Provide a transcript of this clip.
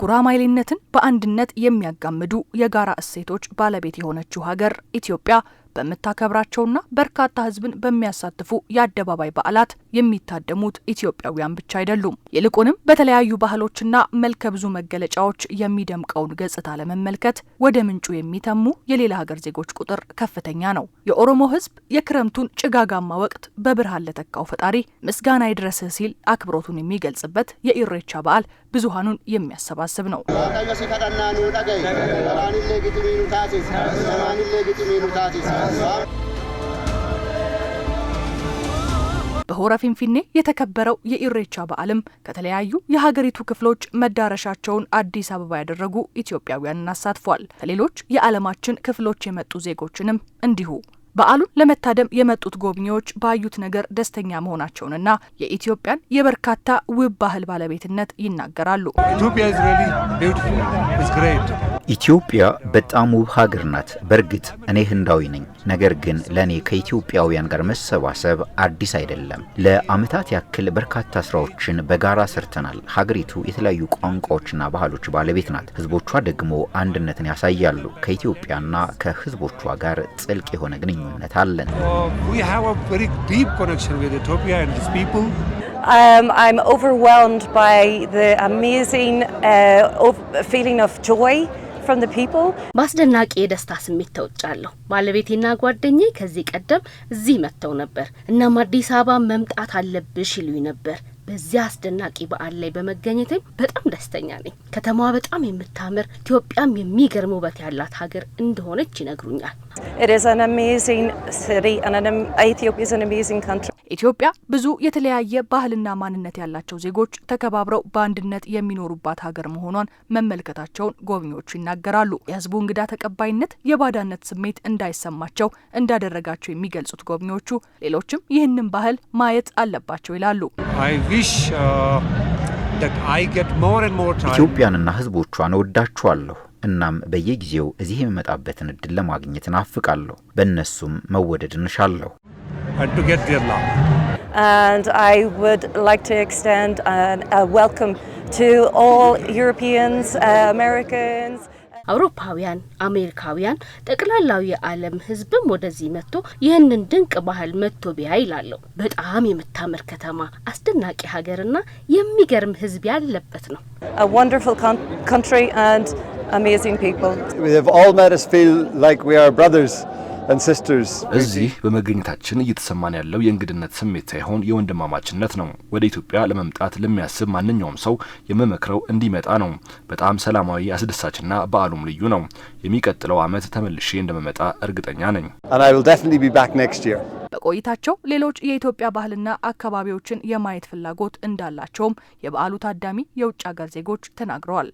ጉራማይሌነትን በአንድነት የሚያጋምዱ የጋራ እሴቶች ባለቤት የሆነችው ሀገር ኢትዮጵያ በምታከብራቸውና በርካታ ህዝብን በሚያሳትፉ የአደባባይ በዓላት የሚታደሙት ኢትዮጵያውያን ብቻ አይደሉም። ይልቁንም በተለያዩ ባህሎችና መልከ ብዙ መገለጫዎች የሚደምቀውን ገጽታ ለመመልከት ወደ ምንጩ የሚተሙ የሌላ ሀገር ዜጎች ቁጥር ከፍተኛ ነው። የኦሮሞ ህዝብ የክረምቱን ጭጋጋማ ወቅት በብርሃን ለተካው ፈጣሪ ምስጋና ይድረስህ ሲል አክብሮቱን የሚገልጽበት የኢሬቻ በዓል ብዙሃኑን የሚያሰባስብ ነው። በሆረ ፊንፊኔ የተከበረው የኢሬቻ በዓልም ከተለያዩ የሀገሪቱ ክፍሎች መዳረሻቸውን አዲስ አበባ ያደረጉ ኢትዮጵያውያንን አሳትፏል። ከሌሎች የዓለማችን ክፍሎች የመጡ ዜጎችንም እንዲሁ። በዓሉን ለመታደም የመጡት ጎብኚዎች ባዩት ነገር ደስተኛ መሆናቸውንና የኢትዮጵያን የበርካታ ውብ ባህል ባለቤትነት ይናገራሉ። ኢትዮጵያ በጣም ውብ ሀገር ናት። በእርግጥ እኔ ህንዳዊ ነኝ። ነገር ግን ለእኔ ከኢትዮጵያውያን ጋር መሰባሰብ አዲስ አይደለም። ለአመታት ያክል በርካታ ስራዎችን በጋራ ሰርተናል። ሀገሪቱ የተለያዩ ቋንቋዎችና ባህሎች ባለቤት ናት። ህዝቦቿ ደግሞ አንድነትን ያሳያሉ። ከኢትዮጵያና ከህዝቦቿ ጋር ጥልቅ የሆነ ግንኙነት አለን። Um, I'm overwhelmed by the amazing uh, feeling of joy በአስደናቂ የደስታ ስሜት ተውጫለሁ። ባለቤቴና ጓደኛዬ ከዚህ ቀደም እዚህ መጥተው ነበር። እናም አዲስ አበባ መምጣት አለብሽ ይሉኝ ነበር። በዚህ አስደናቂ በዓል ላይ በመገኘትም በጣም ደስተኛ ነኝ። ከተማዋ በጣም የምታምር ኢትዮጵያም የሚገርም ውበት ያላት ሀገር እንደሆነች ይነግሩኛል። ኢትዮጵያ ብዙ የተለያየ ባህልና ማንነት ያላቸው ዜጎች ተከባብረው በአንድነት የሚኖሩባት ሀገር መሆኗን መመልከታቸውን ጎብኚዎቹ ይናገራሉ። የህዝቡ እንግዳ ተቀባይነት የባዳነት ስሜት እንዳይሰማቸው እንዳደረጋቸው የሚገልጹት ጎብኚዎቹ ሌሎችም ይህንን ባህል ማየት አለባቸው ይላሉ። uh, ኢትዮጵያንና ህዝቦቿን እወዳችኋለሁ። እናም በየጊዜው እዚህ የምመጣበትን እድል ለማግኘት እናፍቃለሁ። በእነሱም መወደድ እንሻለሁ። and to get their love. And I would like to extend a welcome to all Europeans, uh, Americans. አውሮፓውያን አሜሪካውያን ጠቅላላው የዓለም ሕዝብም ወደዚህ መጥቶ ይህንን ድንቅ ባህል መጥቶ ቢያ ይላለው። በጣም የምታምር ከተማ፣ አስደናቂ ሀገርና የሚገርም ሕዝብ ያለበት ነው። A እዚህ በመገኘታችን እየተሰማን ያለው የእንግድነት ስሜት ሳይሆን የወንድማማችነት ነው። ወደ ኢትዮጵያ ለመምጣት ለሚያስብ ማንኛውም ሰው የምመክረው እንዲመጣ ነው። በጣም ሰላማዊ፣ አስደሳችና በዓሉም ልዩ ነው። የሚቀጥለው ዓመት ተመልሼ እንደመመጣ እርግጠኛ ነኝ። በቆይታቸው ሌሎች የኢትዮጵያ ባህልና አካባቢዎችን የማየት ፍላጎት እንዳላቸውም የበዓሉ ታዳሚ የውጭ ሀገር ዜጎች ተናግረዋል።